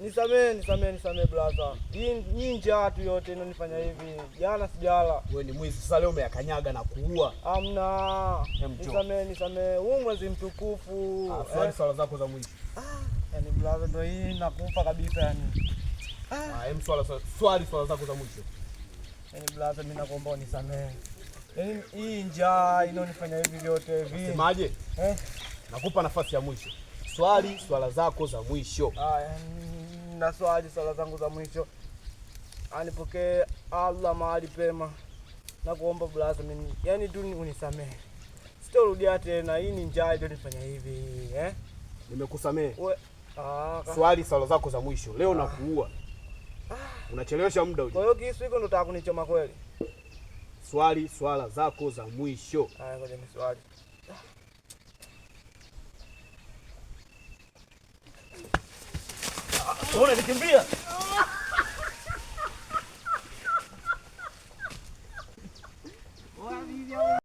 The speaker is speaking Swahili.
Nisamee, nisamee, nisamee blaza, Hii njaa tu yote inonifanya hivi. Jana sijala. Wewe ni mwizi. Sasa leo umeyakanyaga na kuua. Amna, Nisamee, nisamee. Huu mwezi mtukufu. Afanye eh? sala zako za mwizi. Ah, yani blaza, ndio hii nakufa kabisa yani. Ah, ah hem swala swali sala zako za mwizi. Yani blaza, mimi nakuomba unisamee. Yani hii njaa inonifanya hivi vyote hivi. Semaje? Eh? Nakupa nafasi ya mwisho. Swali swala zako za mwisho. Ah, yani naswali sala zangu za mwisho, anipokee Allah mahali pema na kuomba blaza mimi, yani tu unisamehe, sitorudia tena. Hii ni njaa ilionifanya hivi eh? Nimekusamehe ah, swali sala zako za mwisho leo ah. Nakuua ah. Unachelewesha muda uje. Kwa hiyo kisu hiko ndo takunichoma kweli? Swali swala zako za mwisho. Haya, Bruder, mit dem Bier.